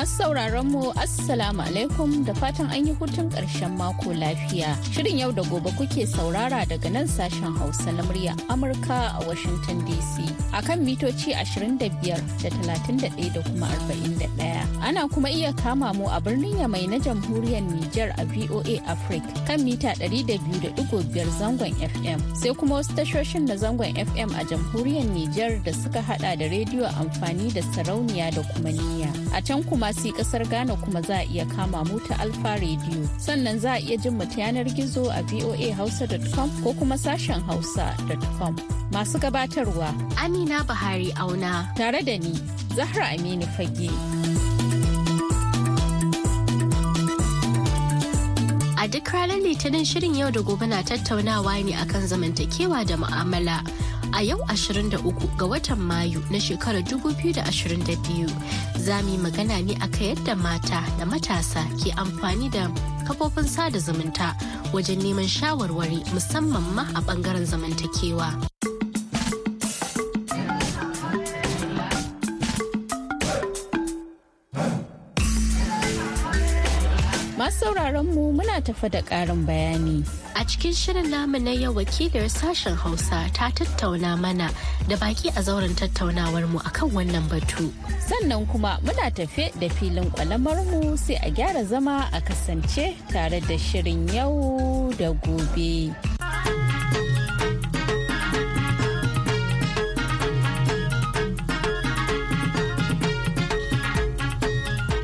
Masu sauraron mu Assalamu alaikum da fatan an yi hutun ƙarshen mako lafiya. Shirin yau da gobe kuke saurara daga nan sashen Hausa na murya Amurka a Washington DC. A kan mitoci 25 da 31 da kuma 41. Ana kuma iya kama mu a birnin Yamai na jamhuriyar Nijar a VOA Africa kan mita 200.5 zangon FM. Sai kuma wasu tashoshin na zangon FM a jamhuriyar Nijar da suka hada da rediyo amfani da sarauniya da kuma niyya. A can kuma kumasi kasar Ghana kuma za a iya kama mu ta Alfa Radio. Sannan za a iya jin mu ta yanar gizo a voahausa.com ko kuma sashen hausa.com. Masu gabatarwa Amina Bahari Auna tare da ni Zahra Aminu Fage. A duk ranar Litinin shirin yau da gobe na tattaunawa ne akan zamantakewa da mu'amala. a yau 23 ga watan Mayu na shekarar 2022 za mu yi magana ne a akan yadda mata da matasa ke amfani da kafofin sada zumunta wajen neman shawarwari musamman ma a bangaren zamantakewa. sauraron mu muna tafa da ƙarin bayani. A cikin shirin namu na yau wakilar sashen Hausa ta tattauna mana da baki a zauren tattaunawar mu akan wannan batu. Sannan kuma muna tafe da filin kwalamar mu sai a gyara zama a kasance tare da shirin yau da gobe.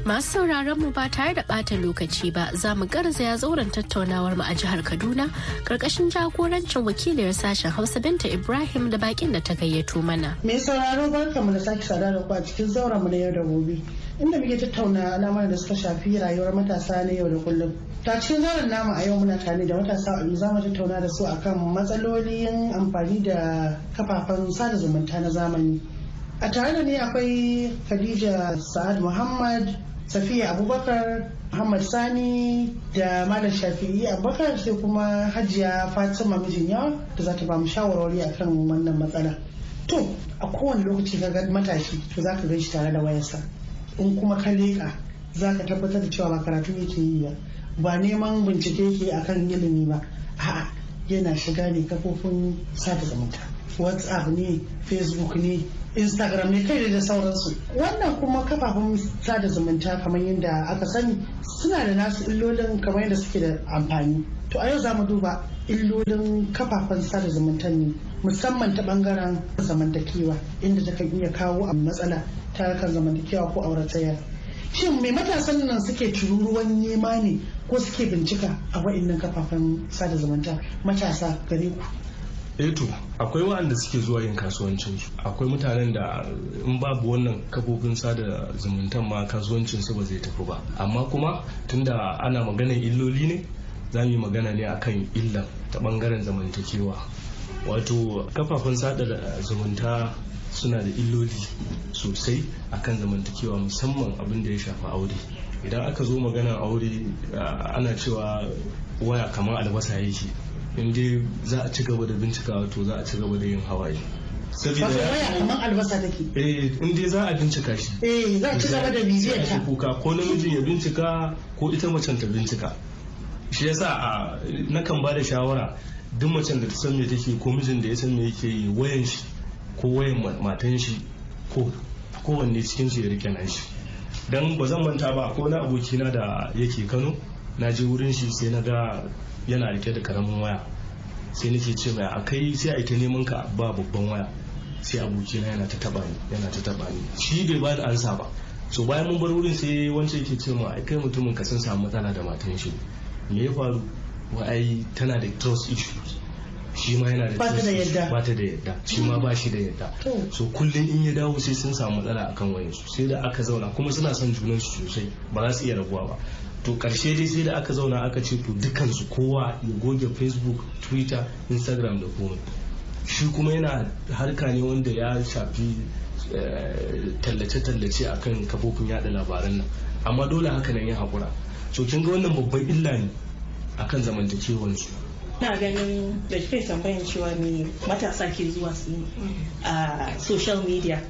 Masu sauraron mu ba tare da ɓata lokaci ba za mu garzaya zauren tattaunawar mu a jihar Kaduna karkashin jagorancin wakiliyar sashen Hausa Binta Ibrahim da bakin da ta gayyato mana. Me sauraro barka mu da sake sada da a cikin zauren mu na yau da gobe inda muke tattauna al'amuran da suka shafi rayuwar matasa na yau da kullum. Ta cikin zauren namu a yau muna tare da matasa a za mu tattauna da su akan matsalolin amfani da kafafen sada zumunta na zamani. A tare da ni akwai Khadija Sa'ad Muhammad safiya abubakar Muhammad Sani da Malam Shafi'i Abubakar sai kuma Hajiya Fatima mijin yawa da za ta ba mu shawarwari akan wannan matsala. To, a kowane lokaci ka ga matashi to za ka gan shi tare da wayarsa. In kuma ka leƙa za ka tabbatar da cewa ba karatu yake yi ba, ba neman bincike yake akan ilimi ba. A'a, yana shiga ne kafofin sada zumunta. WhatsApp ne, Facebook ne, instagram ne kai da sauransu wannan kuma kafafen sada zumunta kamar yadda aka sani suna da nasu illolin kamar yadda suke da amfani to a yau za mu duba illolin kafafen sada zumunta ne musamman ta bangaren zamantakewa inda ta kan iya kawo a matsala ta kan zamantakewa ko auratayya shin mai matasan nan suke tururuwan nema ne ko suke bincika a wa'annan kafafen sada zumunta matasa gare ku eto eh akwai waɗanda suke zuwa yin kasuwancinsu akwai mutanen da in babu wannan kafofin sada zumuntan ma kasuwancin su ba zai tafi ba amma kuma tunda ana maganar illoli ne za mu yi magana ne akan illan ta bangaren zamantakewa wato kafafen sada zumunta suna da illoli sosai akan zamantakewa musamman abin da ya shafa aure idan aka zo magana aure ana cewa waya kamar albasa yake in dai za a ci gaba da bincikawa to za a ci gaba da yin hawaye saboda waya kamar albasa take eh in dai za a bincika shi eh za a ci gaba da bibiyar ta ko namijin ya bincika ko ita macen ta bincika shi yasa a nakan ba da shawara duk macen da ta san me take ko mijin da ya san me yake yi wayan shi ko wayan matan shi ko kowanne cikin su ya rike nan shi dan ba zan manta ba ko na abokina da yake Kano na je wurin shi sai na ga yana rike da karamin waya sai nake ce mai a kai sai a neman ka ba babban waya sai abokina yana ta taba ni yana ta taba ni shi bai bani ansa ba so bayan mun bar wurin sai wancan yake ce mai kai mutumin ka sun samu matsala da matan shi me ya faru wa ai tana da trust issues shi ma yana da bata da yadda bata da yadda shi ma ba shi da yadda so kullum in ya dawo sai sun samu matsala akan wayansu sai da aka zauna kuma suna son junansu sosai ba za su iya rabuwa ba to karshe dai sai da aka zauna aka ce to dukansu kowa ya goge facebook twitter instagram da komai shi kuma yana harka ne wanda ya shafi eh, tallace-tallace a kan kafofin yada labaran nan amma dole haka nan ya haƙura so kin ga wannan babban illa ne akan zamantakewansu na ganin da kai bayan cewa ne matasa ke zuwa su a social media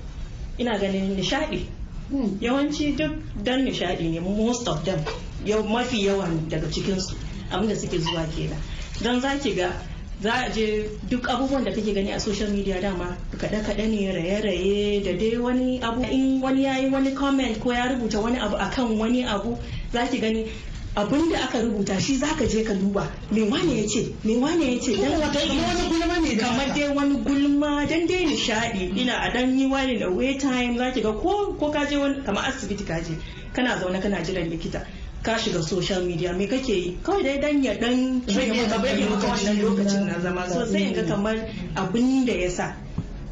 ina ganin nishadi hmm. yawanci duk don nishadi ne most of them yau mafi yawan daga cikinsu abinda suke zuwa kenan don za ki ga za a je duk abubuwan da kake gani a social media dama kaɗe-kaɗe ne raye-raye da dai wani abu in wani ya yi wani comment ko ya rubuta wani abu akan wani abu za ki gani abin da aka rubuta shi za ka je ka duba me wane ya ce me wane ya ce dan wani gulma ne kamar dai wani gulma dan dai nishadi ina a dan yi wani da way time za ki ga ko ko ka je wani kamar asibiti ka je kana zaune kana jiran likita ka shiga social media me kake yi kawai dai dan ya dan rage ka lokacin na zama so sai ga kamar abin da ya sa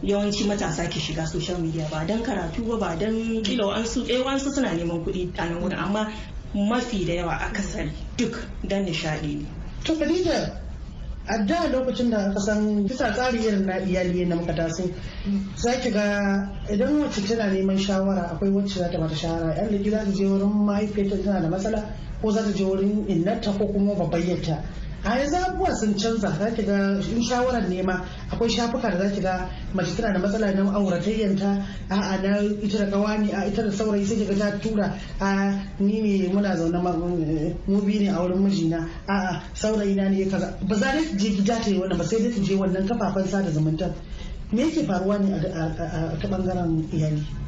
yawanci matasa ke shiga social media ba dan karatu ba ba dan kila an su eh suna neman kuɗi a nan wurin amma mafi da yawa a akasari duk dan nishaɗi ne to Khadija a da lokacin da aka san bisa tsari irin na iyali na makata sun za ki ga idan wacce tana neman shawara akwai wacce za ta bata shawara yan da gida ta je wurin mahaifiyarta tana da matsala ko za ta je wurin innata ko kuma babbayyarta a yanzu abubuwa sun canza za ki ga in shawarar nema akwai shafuka da za ki ga mace tana da matsala na auratayyanta a a na ita da ne a ita da saurayi sai ga ta tura a ni ne muna zaune mu biyu ne a wurin mijina a a saurayi na ne ya kaza ba za ta je gida ta yi wannan ba sai dai ta je wannan kafafen sada zumunta me yake faruwa ne a ta bangaren iyali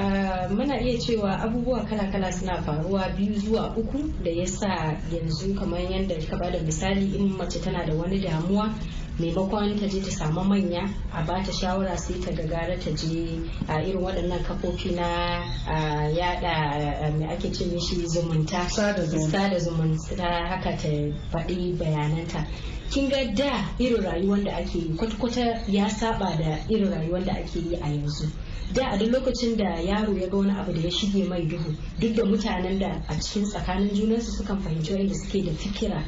Eh, muna iya cewa abubuwa kala-kala suna faruwa biyu zuwa uku da ya sa yanzu kamar yadda ka bada misali in mace tana da wani damuwa maimakon ta je ta samu manya a ba ta shawara sai ta gagara ta je a irin waɗannan kafofi na yada mai ake ce mishi zumunta sada zumunta haka ta faɗi bayananta kin ga da irin rayuwar da ake kwata-kwata ya saba da irin rayuwar da ake yi a yanzu da a duk lokacin da yaro ya ga wani abu da ya shige mai duhu duk da mutanen da a cikin tsakanin junansu sukan fahimci wanda suke da fikira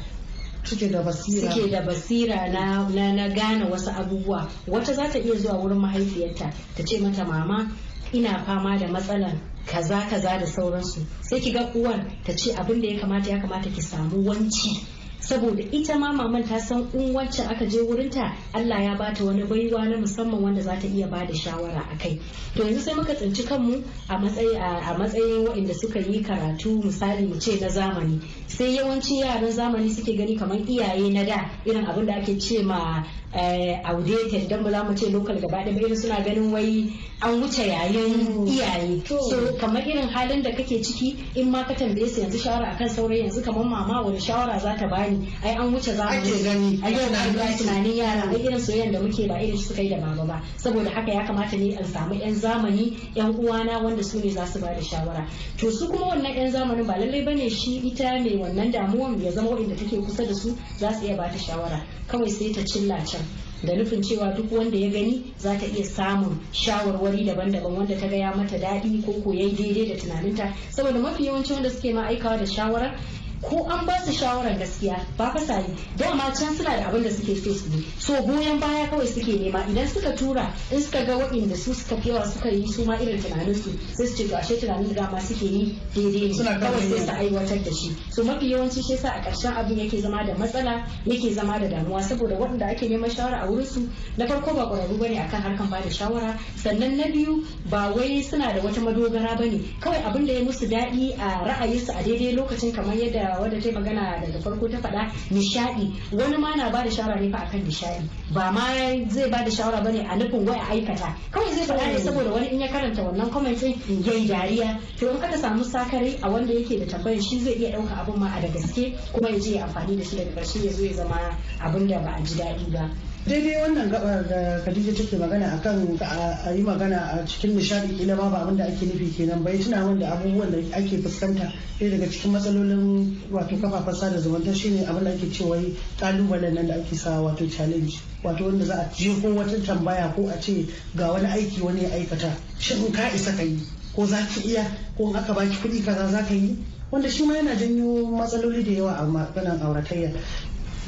suke da basira suke da basira na na, na gane wasu abubuwa wata za ta iya zuwa wurin mahaifiyarta ta ce mata mama ina fama da matsalan kaza kaza da sauransu sai ki ga uwar ta ce abin da ya kamata ya kamata ki samu wanci saboda ita ma maman ta san in wacce aka je wurinta Allah ya bata wani baiwa na musamman wanda za ta iya ba da shawara a kai to yanzu sai muka tsinci kanmu a matsayi a matsayin waɗanda suka yi karatu misali mu ce na zamani sai yawanci yaran zamani suke gani kamar iyaye na da irin abin da ake ce ma eh, outdated dan ba za mu ce local gaba da irin suna ganin wai an wuce yayin iyaye so kamar irin halin da kake ciki in ma ka tambaye su yanzu shawara akan saurayi yanzu kamar mama wani shawara za ta bani ai an wuce za ake gani a yau na ruwa tunanin yara ai irin soyayyar da muke ba irin su kai da baba ba saboda haka ya kamata ne an samu yan zamani yan uwana wanda su ne za su ba da shawara to su kuma wannan yan zamanin ba lallai bane shi ita mai wannan damuwan ya zama wanda take kusa da su za su iya ba ta shawara kawai sai ta cilla can da nufin cewa duk wanda ya gani za ta iya samun shawarwari daban-daban wanda ta gaya mata daɗi ko koyai daidai da tunaninta saboda mafi yawanci wanda suke ma da shawara ko an ba su shawarar gaskiya ba fa sai dama can suna da abin da suke so su yi so goyon baya kawai suke nema idan suka tura in suka ga waɗanda su suka yawa suka yi su ma irin tunanin su sai su ce to ashe tunanin da dama suke yi daidai ne kawai sai su aiwatar da shi so mafi yawanci shi yasa a ƙarshen abin yake zama da matsala yake zama da damuwa saboda waɗanda ake neman shawara a wurin su na farko ba ƙwararru bane akan harkan bada shawara sannan na biyu ba wai suna da wata madogara bane kawai abin da ya musu daɗi a ra'ayinsu a daidai lokacin kamar yadda da ta ta magana daga farko ta faɗa nishaɗi wani ma na ba da shawara ne fa akan nishaɗi ba ma zai ba da shawara ne a nufin waya aikata kawai zai faɗa ne saboda wani in ya karanta wannan comment din yayi dariya to in aka samu sakare a wanda yake da tambayar shi zai iya ɗauka abin ma a da gaske kuma ya je amfani da shi daga ƙarshe ya zo ya zama abin da ba a ji daɗi ba daidai wannan gabar da Khadija take magana akan a yi magana a cikin nishadi kila abin da ake nufi kenan bai tuna min da abubuwan da ake fuskanta ɗaya daga cikin matsalolin wato kafafen sada zumunta shine abin da ake cewa kalubalen nan da ake sa wato challenge wato wanda za a ko wata tambaya ko a ce ga wani aiki wani ya aikata shin ka isa ka yi ko za ki iya ko in aka baki kuɗi kaza za ka yi wanda shi ma yana janyo matsaloli da yawa a maganar auratayya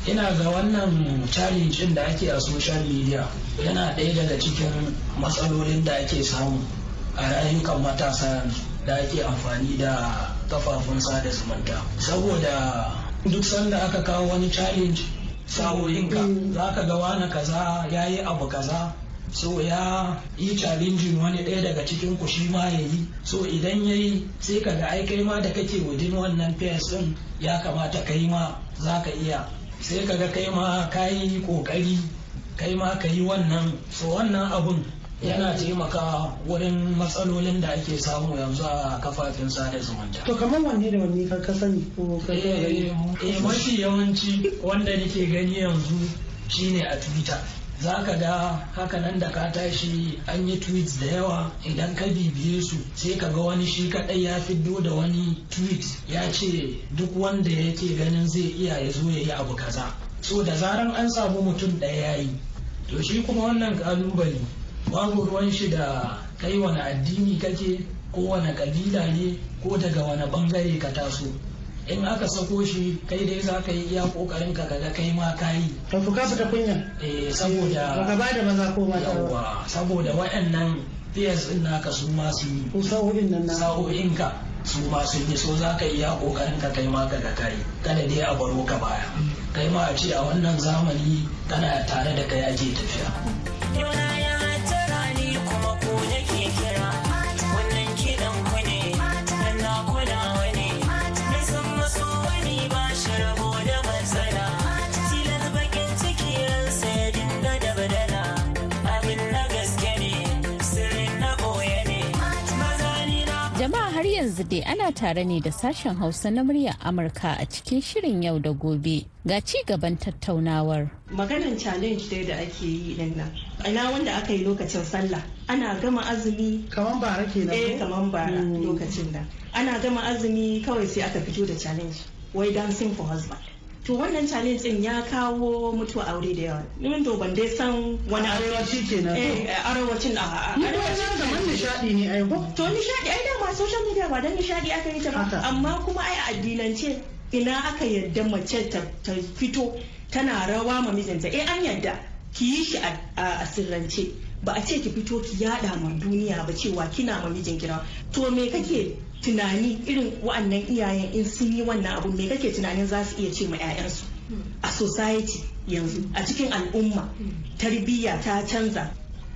ina ga wannan challenge da ake a social media yana ɗaya daga cikin matsalolin da ake samu a rayukan matasa da ake amfani da kafafun sada zumunta saboda duk sanda aka kawo wani challenge sa'o'inka za ka ga wani kaza ya yi abu kaza so ya yi challenging wani ɗaya daga cikin ku shi ma ya yi so idan ya yi sai ka ga aikai ma da kake wajen wannan fes ɗin ya kamata kai ma za ka iya sai kaga kai ma ka yi kokari kai ma ka yi wannan so wannan abun yana taimaka wurin matsalolin da ake samu yanzu a kafafen sada zumunta. To kamar wanne da wanne ka ka sani eh, eh, mafi yawanci wanda nake gani yanzu shine a Twitter. za ka ga hakanan da ka tashi an yi tweets da yawa idan ka bibiye su sai ka ga wani shi kadai ya fiddo da wani tweet ya ce duk wanda yake ganin zai iya ya zo ya yi abu kaza so da zaran an samu mutum ɗaya ya yi to shi kuma wannan kalubale babu ruwan shi da kai wani addini kake ko wani kabila ne ko daga wani bangare ka taso in aka sako shi kai dai za ka yi iya kokarin ka kaga kai ma ka yi to ka fita kunya eh saboda ka ba da maza ko mata yawa saboda waɗannan peers din naka su ma su yi ko sa'o'in nan na sa'o'in ka su ma su yi so za ka iya kokarin ka kai ma ga kai kada dai a baro ka baya kai ma a ce a wannan zamani kana tare da kai aje tafiya dai ana tare ne da sashen Hausa na muryar Amurka a cikin shirin yau da gobe. Ga ci gaban tattaunawar. Maganan challenge dai da ake yi din nan. Ina wanda aka yi lokacin sallah. Ana gama azumi. Kaman bara kenan. Eh kaman bara mm. lokacin da. Ana gama azumi kawai sai aka fito da challenge. Wai dancing for husband. to wannan challenge din ya kawo mutuwa aure da yawa Ni to ban dai san wani arewaci kenan eh, eh arewacin a arewacin zaman nishadi ne ai to nishadi ai a social media ba don nishadi aka yi ta ba amma kuma ai addinance ina aka yarda mace ta fito tana rawa ma mijinta eh an yarda ki yi shi a sirrance ba a ce ki fito ki yada ma duniya ba cewa kina ma mijin kira to me kake tunani irin wa'annan iyayen in sun yi wannan abu me kake tunanin za su iya ce ma 'ya'yansu a society yanzu a cikin al'umma hmm. tarbiyya ta canza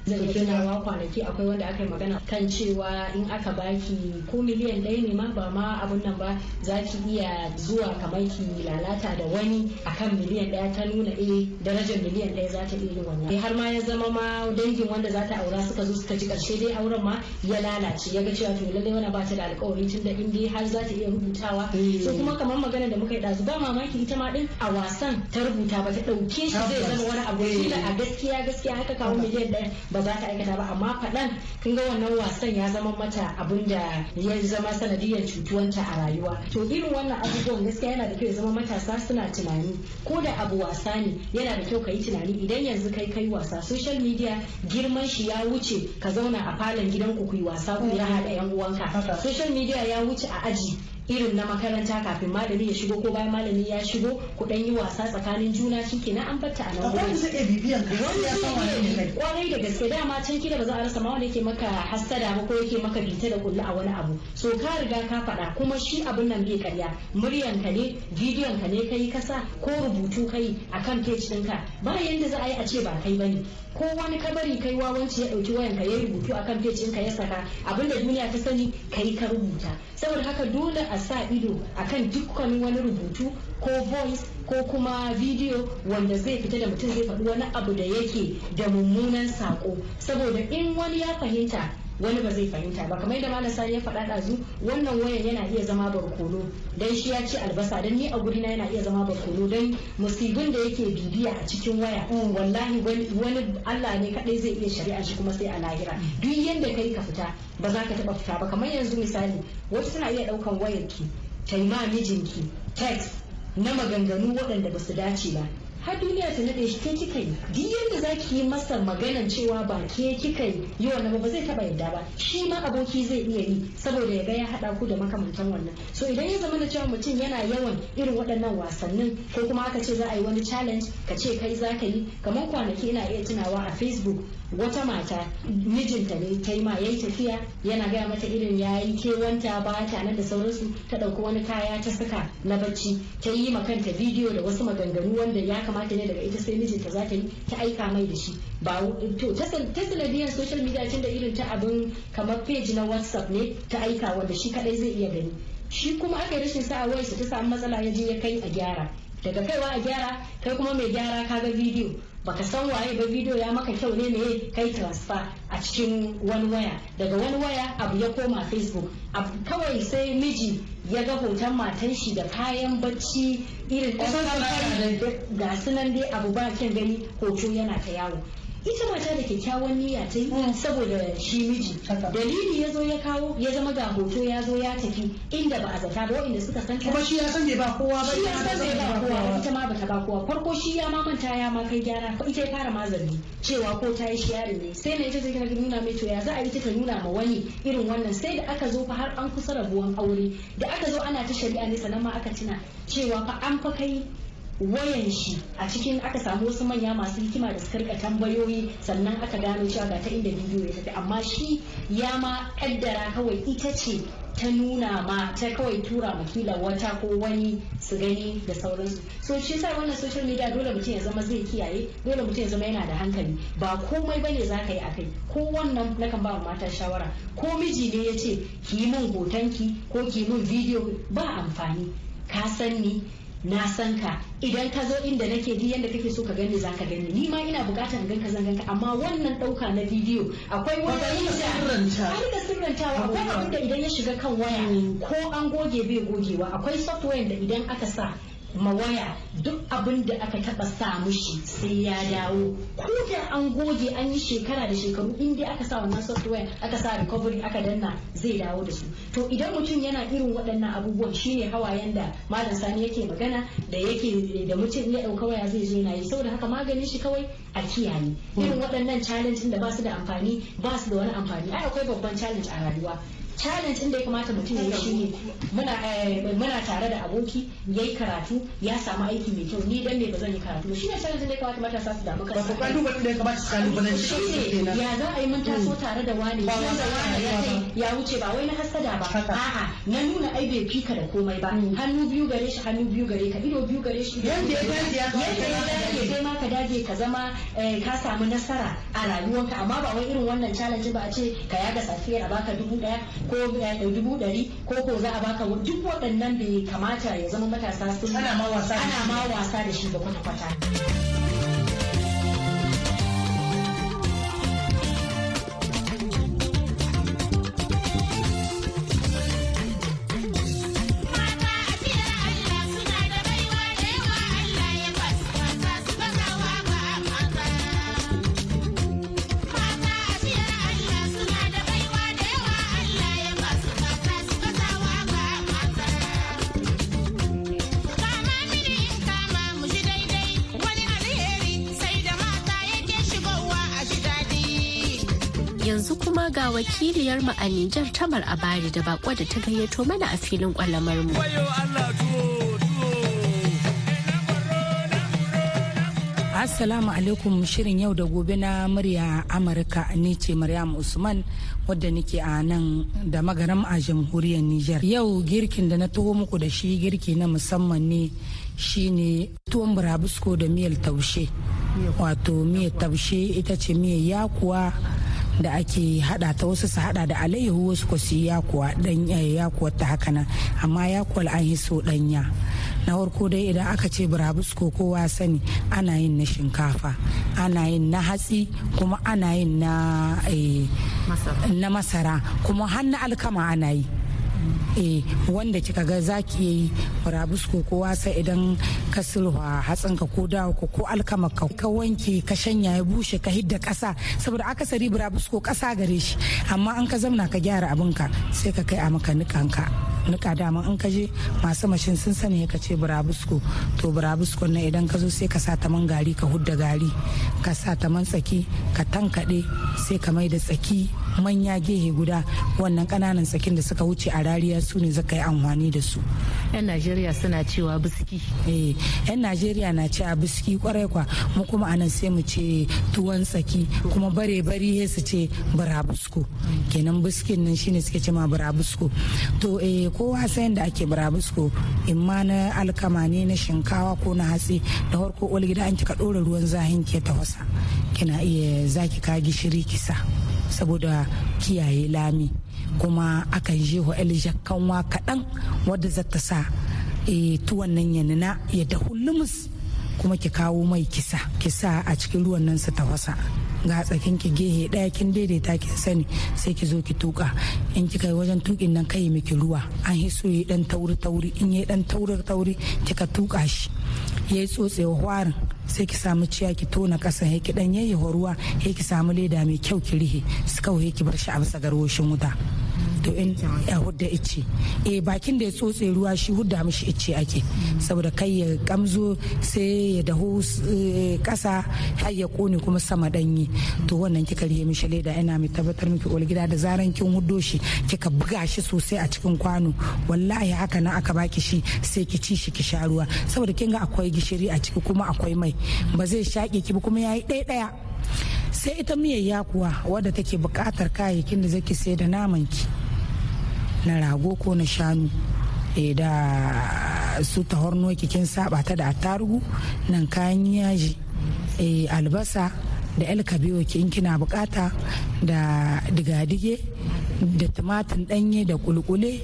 zai yi tunawa kwanaki akwai wanda aka yi magana kan cewa in aka baki ko miliyan ɗaya ne ma ba ma abun nan ba za ki iya zuwa kamar ki lalata da wani akan miliyan ɗaya ta nuna eh darajar miliyan ɗaya za ta iya wannan eh, har ma ya zama ma dangin wanda za ta aura suka zo suka ji karshe dai auren ma ya lalace ya ga cewa to lallai wani ba ta da alƙawari da in dai har za ta iya rubutawa eh. so kuma kamar magana da muka yi ɗazu ba mamaki ita ma ɗin a wasan ta rubuta ba ta ɗauke shi zai zama wani abu eh. a gaskiya gaskiya haka kawo miliyan ɗaya ba za ta aikata ba amma faɗan kin ga wannan wasan ya zama mata abin da ya zama sanadiyar cutuwanta a rayuwa to irin wannan abubuwan gaskiya yana da kyau ya zama matasa suna tunani ko da abu wasa ne yana da kyau ka yi tunani idan yanzu kai kai wasa social media girman shi ya wuce ka zauna a falon gidan ku ku yi wasa ku ya haɗa yan uwanka social media ya wuce a aji irin na makaranta kafin malami ya shigo ko bayan malami ya shigo ku yi wasa tsakanin juna shi na an batta a nan gurin bibiyan ka wani ya san wani ne kwarai da gaske dama can kila ba za a rasa ma wanda yake maka hasada ba ko yake maka bita da kullu a wani abu so ka riga ka faɗa kuma shi abun nan bai karya muryan ka ne bidiyon ka ne kai kasa ko rubutu kai akan page ɗinka ba yanda za a yi a ce ba kai bane ko wani kabari kai wawanci ya ɗauki wayanka ya rubutu akan page ka ya saka abinda duniya ta sani kai ka rubuta saboda haka dole a sa ido a kan dukkan wani rubutu ko voice ko kuma video wanda zai fita da mutum zai faɗi wani abu da yake da mummunan saƙo saboda in wani ya fahimta wani ba zai fahimta ba kamar yadda malam sani ya faɗa ɗazu wannan wayan yana iya zama barkono dan shi ya ci albasa dan ni a guri yana iya zama barkono dan musibin da yake bibiya a cikin waya mm, wallahi wani Allah ne kadai zai iya shari'a shi kuma sai a lahira duk yanda kai ka fita ba za ka taba fita ba kamar yanzu misali wasu suna iya ɗaukan wayarki taima mijinki text na maganganu waɗanda ba su dace ba har duniya ta nade shi ke kika yi duk yadda ki yi masa maganan cewa ba ke kika yi yi wannan ba zai taba yadda ba shi ma aboki zai iya yi saboda ya ga ya hada ku da makamantan wannan so idan ya zama na cewa mutum yana yawan irin waɗannan wasannin ko kuma aka ce za a yi wani challenge ka ce kai za ka yi kamar kwanaki ina iya tunawa a facebook wata mata mijinta ne ta yi ma yayi tafiya yana gaya mata irin yayi kewanta ba ta nan da sauransu ta ɗauki wani kaya ta saka na bacci ta yi ma kanta bidiyo da wasu maganganu wanda ya kamata ne daga ita sai mijinta za ta yi ta aika mai da shi ba to ta sanadiyar social media tun da irin ta abin kamar page na whatsapp ne ta aika wanda shi kadai zai iya gani shi kuma aka yi rashin sa'a wayarsa ta samu matsala ya je ya kai a gyara daga kaiwa a gyara kai kuma mai gyara ka ga bidiyo baka san waye ba bidiyo ya maka kyau ne ne kai transfer a cikin wani waya daga wani waya abu ya koma facebook kawai sai miji ya ga hoton matan shi da kayan bacci irin ɗan ga sunan dai abu ba kyan gani hoto yana ta yawo ita mata da kyakkyawan niyya ta yi mm. saboda shi miji dalili ya zo ya kawo ya zama ga hoto ya zo ya tafi inda ba a zata ba wa'inda suka san kuma shi ya san bai ba kowa ba shi ya san ba kowa ita ma bata ba kowa farko shi ya ma manta ya ma kai gyara ita ya fara mazarni cewa ko ta yi shi ya ne sai na ita ta kira nuna mai to ya za a yi ta nuna ma wani irin wannan sai da aka zo fa har an kusa rabuwan aure da aka zo ana ta shari'a ne sannan ma aka tuna cewa fa an fa kai wayan shi a cikin aka samu wasu manya masu hikima da suka rika tambayoyi sannan aka gano cewa ga ta inda bidiyo ya tafi amma shi ya ma kaddara kawai ita ce ta nuna ma ta kawai tura makila wata ko wani su gani da sauransu so shi sa wannan social media dole mutum ya zama zai kiyaye dole mutum ya zama yana da hankali ba komai bane za ka yi a kai ko wannan na kan ba mata shawara ko miji ne ya ce ki yi min hotonki ko ki yi min bidiyo ba amfani ka san ni na san ka idan ka zo inda nake duk yanda kake so ka gani za ka gani ni ma ina bukatar gan ka zangan amma wannan dauka na bidiyo akwai wanda yi da an da sirrantawa akwai abin da idan ya shiga kan waya ko an goge bai gogewa akwai software da idan aka sa waya duk abin da aka taba sa shi sai ya dawo ko da an goge an yi shekara da shekaru inda aka sa wannan software aka sa recovery aka danna zai dawo da su to idan mutum yana irin waɗannan abubuwan shine hawayen da malam sani yake magana da yake da mutum ya ɗauka waya zai zo na yi saboda haka maganin shi kawai a kiyaye irin waɗannan challenge da ba su da amfani ba su da wani amfani ai akwai babban challenge a rayuwa challenge inda ya kamata mutum ya yi shi ne eh, muna tare da aboki ya yi karatu ya samu aiki mai kyau ni dan ne ba zan yi karatu shi ne challenge da ya kamata matasa su damu kansu ba kalubalen da ya kamata su kalubalen shi ne ya za a yi mun taso mm. tare da wani wanda wani ya kai ya wuce ba wai na hasada ba a'a na nuna ai bai fika da komai ba mm. hannu biyu gare shi hannu biyu gare ka ido biyu gare shi yadda ya dace ya dace sai ma ka dage ka zama eh, ka samu nasara a rayuwarka amma ba wai irin wannan challenge ba a ce ka yaga safiya a baka dubu daya ko dubu ɗari ko ko za a baka duk waɗannan da bai kamata ya zama matasa sun ana ma wasa da shi da kwata-kwata. wakiliyarmu a Nijar Tamar Abari da bako da ta gayyato mana a filin kwalamar mu. Assalamu alaikum shirin yau da gobe na murya Amurka ni ce Maryam Usman wadda nake a nan da magaram a jamhuriyar Nijar. Yau girkin da na taho muku da shi girki na musamman ne shi ne tuwon burabusko da miyar taushe. Wato miyar taushe ita ce miyar yakuwa da ake hada ta wasu su hada da alayyahu wasu ko su yakuwa dan eh, yakuwa ta haka nan amma yakuwal an yi so danya na farko dai idan aka ce burabusko kowa sani ana yin na shinkafa ana yin na hatsi kuma ana yin na eh, masara kuma har na alkama ana yi e wanda kika ga zaki yi murabus ko ko wasa idan ka sulwa hatsin ka ko dawo ko ko alkama ka ka wanke ka shanya ya bushe ka hidda kasa saboda akasari murabus ko kasa gare shi amma an ka zamna ka gyara abin ka sai ka kai a maka nikanka nika dama an ka je masu mashin sun sani ka ce burabusko to burabusko na idan ka zo sai ka sa taman gari ka hudda gari ka sa taman tsaki ka tankaɗe sai ka mai da tsaki manya gehe guda wannan kananan tsakin da suka wuce a rariya su ne zaka yi amfani da su yan najeriya suna cewa biski eh yan najeriya na cewa biski kwarai kwa mu kuma anan sai mu ce tuwon tsaki kuma bare bari he su ce burabusko kenan biskin nan shine suke ce ma burabusko to eh kowa sayan da ake burabusko in ma na alkama ne na shinkawa ko na hatsi da harko olgida an kika dora ruwan zahin ke tafasa kina iya zaki ka gishiri kisa saboda kiyaye lami kuma akan je wa kanwa kaɗan wadda za ta sa eh, tuwon nan ya nuna ya dahu lumus kuma ki kawo mai kisa kisa a cikin ruwan nan su tafasa ga tsakin ki gehe ɗaya kin daidaita kin sani sai ki zo ki tuka in kika yi wajen tukin nan kai miki ruwa an hiso yi dan tauri tauri in yi dan tauri tauri kika tuka shi ya yi tsotsewa hwarin sai ki samu ciya ki tona kasa ya ki dan yayi ruwa ya ki samu leda mai kyau ki rihe su kawai ki bar shi a bisa garwoshin wuta in ya hudda ice eh bakin da ya tsotse ruwa shi hudda mishi ice ake saboda kai ya kamzo sai ya dahu kasa eh, har ya kone kuma sama danyi to wannan kika riye mishi leda ina mai tabbatar miki gida da zaran kin huddo shi kika buga shi sosai a cikin kwano wallahi haka na aka baki shi sai ki ci shi ki sha ruwa saboda kin ga akwai gishiri a ciki kuma akwai mai ba zai shaƙe ki ba kuma yayi ɗaya ɗaya sai ita miyayya kuwa wadda take buƙatar kayayyakin da zaki sai da naman ki na rago ko na shanu eh, da su horno kikin saba ta da attarugu nan kayan yaji eh, albasa da elkabewa in kina bukata da digadige da tumatin danye da kulkule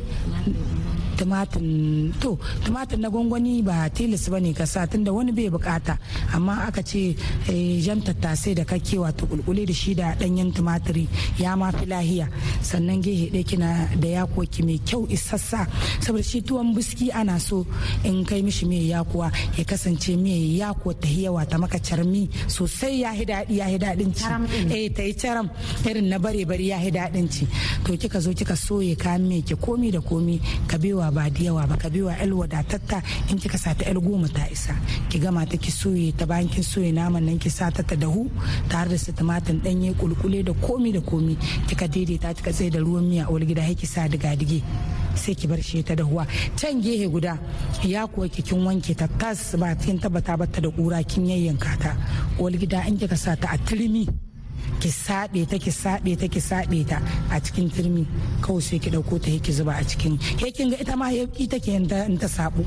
tumatin to tumatin na gwangwani ba tilis ba ne kasa sa tunda wani bai bukata amma aka ce eh, jan tattasai da kake wato kulkule da shi da danyen tumatiri ya ma fi lahiya sannan gehe kina da yakoki mai kyau isassa saboda shi tuwon biski ana so in kai mishi mai yakuwa ya kasance mai yako ta yawa ta maka carmi sosai ya hi daɗi ya hi daɗin ci eh ta yi caram irin na bare bare ya hi daɗin ci to kika zo kika soye kayan mai ki komi da komi ka bewa ba da yawa ba ka biwa yan wadatatta in kika sa ta yan goma ta isa ki gama ta ki soye ta bayan kin soye naman nan ki sa ta ta dahu tare da su tumatir danye kulkule da komi da komi kika daidaita kika tsaye da ruwan miya a gida sai ki sa diga dige sai ki bar shi ta dahuwa can gehe guda ya kuwa kin wanke ta tas ba kin tabbata ba ta da kura kin yayyanka ta wani gida in kika sa ta a turmi ki sabe ta ki sabe ta ki sabe ta a cikin turmi kawai sai ki dauko ta ki zuba a cikin ke kin ga ita ma yauki take in ta sabo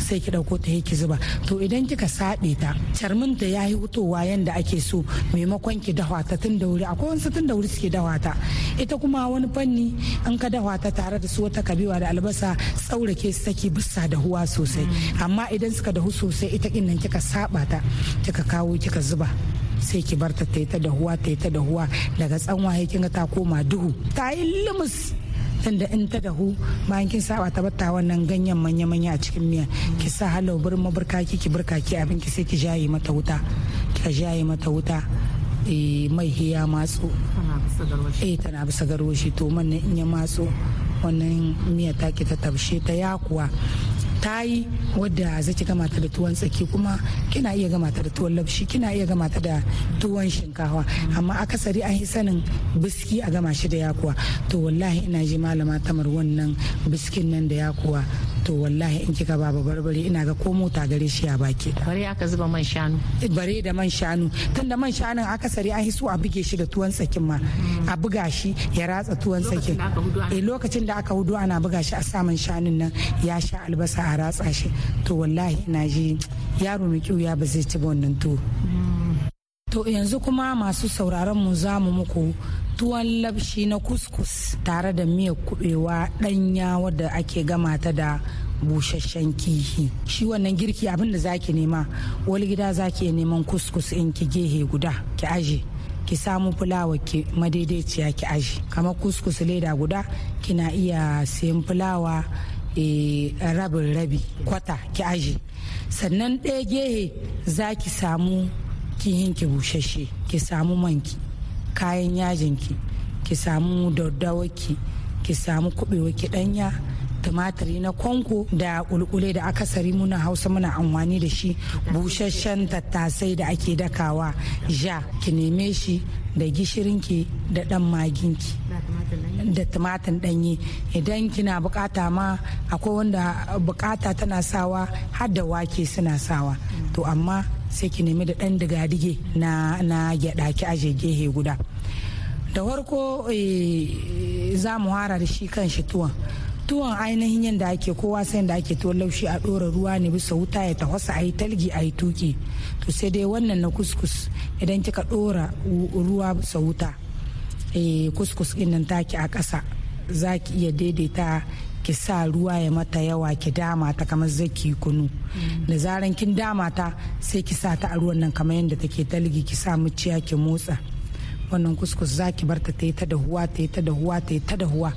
sai ki ɗauko ta ki zuba to idan kika sabe ta charmin ta yi hutowa yanda ake so maimakon ki dawa ta tun da wuri akwai wasu tun da wuri suke dawa ta ita kuma wani fanni an ka dawa ta tare da su wata kabewa da albasa tsaurake ke saki bisa da huwa sosai amma idan suka dahu sosai ita kin nan kika saba ta kika kawo kika zuba sai ki bar ta ta dahuwa ta ta dahuwa daga tsanwa kin ga ta koma duhu ta yi limus tunda in ta dahu bayan kin saba ta batta wannan ganyen manya manya a cikin miya ki sa halau ma maburkaki ki burkaki abin ki sai ki jaye mata wuta ki jaye mata wuta eh, mai hiya matso eh tana bisa garwashi to man in ya matso wannan miya ta ki ta tabshe ta yakuwa ta yi wadda zaki gama ta da tuwon tsaki kuma kina iya gama ta da tuwon labshi kina iya gama ta da tuwon shinkawa amma akasari an yi sanin biski a gama shi da yakuwa to wallahi ina ji malama tamar wannan biskin nan da yakuwa to wallahi in kika ba barbare ina ga ko mota gare shi ya baki bare aka zuba man shanu eh, bare da man shanu tunda man shanu aka sari an hiso a buge shi da tuwon tsakin ma mm. a buga shi ya ratsa tuwon tsakin eh lokacin da aka hudu ana buga shi a saman shanun nan ya sha albasa a ratsa shi to wallahi ina ji yaro mai kyau ya ba zai ci wannan tuwo mm. To yanzu kuma masu sauraron mu zamu muku tuwon labshi na kuskus tare da miyar kubewa ɗanya wadda ake gama ta da busasshen kihi shi wannan girki abin da zaki nema wani gida zaki neman kuskus in ki gehe guda ki aje ki samu fulawa ki madaidaiciya ki aje kamar kuskus leda guda kina iya sayan fulawa e, rabin rabi kwata ki aje sannan ɗaya gehe za ki samu kihin ki bushashe ki samu manki kayan yajinki ki samu daddawaki ki samu kubewa ki danya tumatiri na kwanko da kulkule da akasari muna hausa muna amfani da shi busasshen tattasai da ake dakawa ja ki neme shi da gishirinki da dan maginki da tumatir danye idan kina bukata ma akwai wanda bukata tana sawa har da wake suna sawa to amma sai ki nemi da ɗan diga-dige na gyaɗa ki aje gehe guda da farko eh, za mu hara da shi kan shi tuwon tuwon ainihin yadda ake kowa sai da ake tuwon laushi a ɗora ruwa ne bisa wuta ya tafasa a yi talgi a yi tuki to sai dai wannan na kuskus idan kika ɗora ruwa bisa wuta eh, kuskus ɗin nan taki a ƙasa za ki iya daidaita ki sa ruwa ya mata yawa ki dama ta kamar zaki kunu mm. da zaran kin dama ta sai ki sa ta a ruwan nan kamar yadda take talgi ki sa muciya ki motsa wannan kuskus za ki barta ta yi ta dahuwa ta yi ta dahuwa ta yi ta dahuwa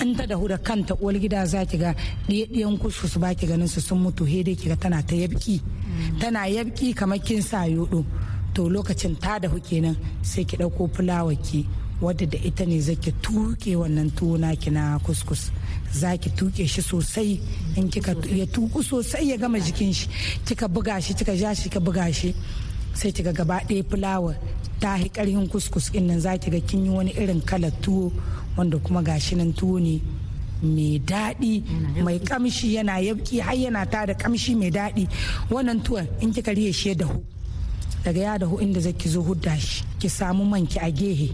in ta dahu da kanta uwar gida za ki ga ɗiyaɗiyan kuskus ba ki ganin su sun mutu he dai ki ga tana ta yabki mm. tana yabki kamar kin sa yodo to lokacin ta dahu kenan sai ki ɗauko fulawa ki wadda da ita ne zaki tuke wannan tuwo naki na kuskus zaki ki tuke shi sosai in kika ya tuku sosai ya gama jikin shi kika buga shi kika ja shi kika buga shi sai kika gaba ɗaya fulawa ta hi karhin kuskus din nan za ga kin yi wani irin kalar tuwo wanda kuma gashi nan tuwo ne mai daɗi mai kamshi yana yabki har yana ta da kamshi mai daɗi wannan tuwon in kika riye shi da hu daga ya dahu inda zaki zo hudda shi ki samu manki a gehe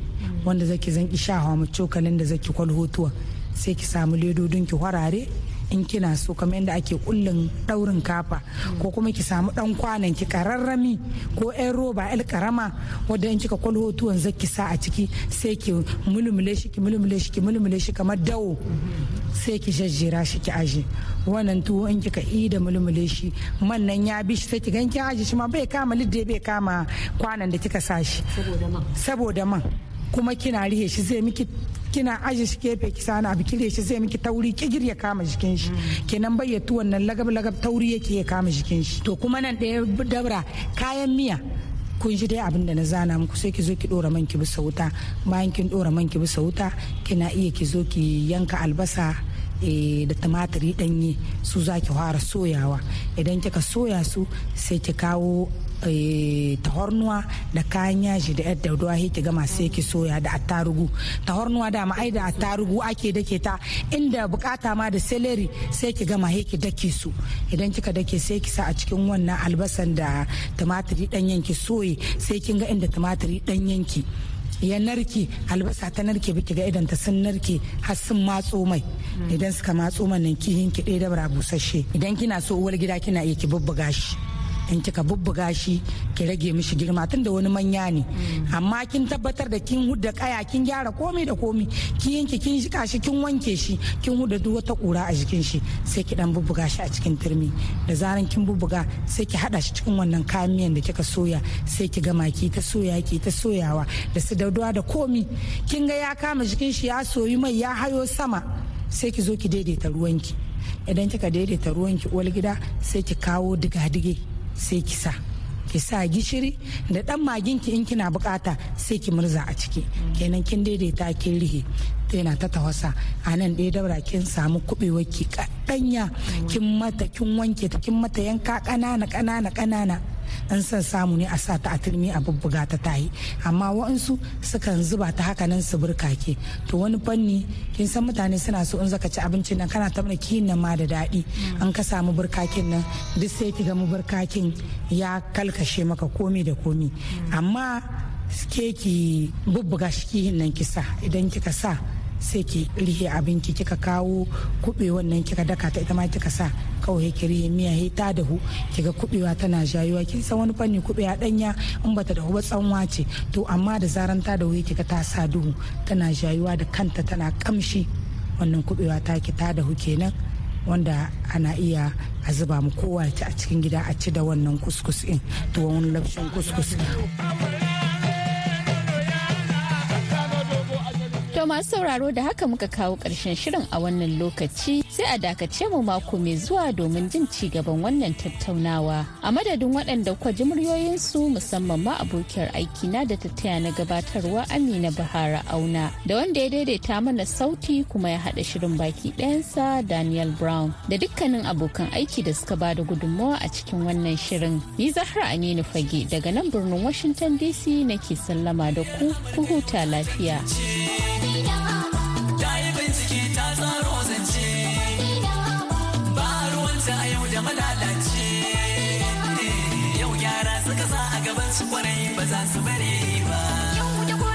wanda zaki zanki shahawa mu cokalin da zaki kwalhotuwa sai ki samu ledodin ki warare in kina so kamar yadda ake kullun daurin kafa ko kuma ki samu dan kwanan ki kararrami ko yan roba el karama wanda in kika kwalho tuwon zaki sa a ciki sai ki mulmule shi ki mulmule shi ki mulmule shi kamar dawo sai ki jajjera shi ki aje wannan tuwo in kika yi da mulmule shi man nan ya bi shi sai ki gan ki aje shi ma bai kama lidde bai kama kwanan da kika sa shi saboda man kuma kina rihe shi zai miki kina aje shi kefe ki sani abu kire shi zai miki tauri kigir ya kama jikin shi kenan bayyatu wannan lagab lagab tauri yake ya kama jikin shi to kuma nan ɗaya dabra kayan miya kun ji dai abin da na zana muku sai ki zo ki dora man ki bisa wuta bayan kin dora man ki bisa wuta kina iya ki zo ki yanka albasa eh, da tumatiri danye su zaki ki fara soyawa idan kika soya su sai ki kawo Eh, tahornuwa da kayan yaji da yadda daudawa ki gama sai ki soya da attarugu tahornuwa da ma'ai da attarugu ake dake ta inda bukata ma da celery sai ki gama ki dake su idan kika dake sai ki sa a cikin wannan albasan da tumatiri dan ki soye sai kin ga inda tumatiri dan ki ya narke albasa ta narke biki ga idan ta sun narke har sun matso mai idan suka matso mai nan kihin ki ɗaya dabara busasshe idan kina so uwar gida kina iya ki bubbuga shi in kika bubbuga shi ki rage mishi girma tun da wani manya ne amma kin tabbatar da kin hudda kaya kin gyara komi da komi kin yanke kin shika shi kin wanke shi kin hudda duk wata kura a jikin shi sai ki dan bubbuga shi a cikin turmi da zaran kin bubbuga sai ki hada shi cikin wannan kayan miyan da kika soya sai ki gama ki ta soya ki ta soyawa da su daudawa da komi kin ga ya kama jikin shi ya soyi mai ya hayo sama sai ki zo ki daidaita ruwanki idan kika daidaita ruwanki uwar gida sai ki kawo diga-dige sai ki sa ki sa gishiri da dan magin in kina bukata sai ki murza a ciki kenan kin daidaita kin rihe yana ta tawasa a nan ɗaya daura kin samu kuɓewar ki kaɗanya kin mata kin wanke ta kin mata yanka ƙanana ƙanana ƙanana an san samu ne a sa ta a turmi a bubbuga ta tayi amma wa'ansu sukan zuba ta haka nan su burkake to wani fanni kin san mutane suna so in zaka ci abincin nan kana ta mana kiyin nan ma da daɗi mm. an ka samu burkakin nan duk sai ki ga mu burkakin ya kalkashe maka komi da komi mm. amma keki bubbuga shi kihin nan kisa idan kika sa sai ki rihe abin ki kika kawo kube wannan kika daka ta ita ma kika sa kawai ki rihe miya he ta dahu kiga kubewa tana jayuwa kin san wani fanni kubewa danya in bata dahu ba tsanwa ce to amma da zaran ta dahu kika ta sa duhu tana jayuwa da kanta tana kamshi wannan kubewa ta ki ta dahu kenan wanda ana iya a zuba mu kowace a cikin gida a ci da wannan kuskus in tuwon lafshin kuskus. masu sauraro da haka muka kawo ƙarshen shirin a wannan lokaci sai a dakace mu mako mai zuwa domin jin ci gaban wannan tattaunawa. A madadin waɗanda kwa ji musamman ma abokiyar na da ta taya na gabatarwa Amina Bahara Auna da wanda ya daidaita mana sauti kuma ya haɗa shirin baki ɗayansa Daniel Brown da dukkanin abokan aiki da suka bada gudunmawa a cikin wannan shirin. Ni Zahra Aminu Fage daga nan birnin Washington DC nake sallama da ku ku huta lafiya. Ramadan.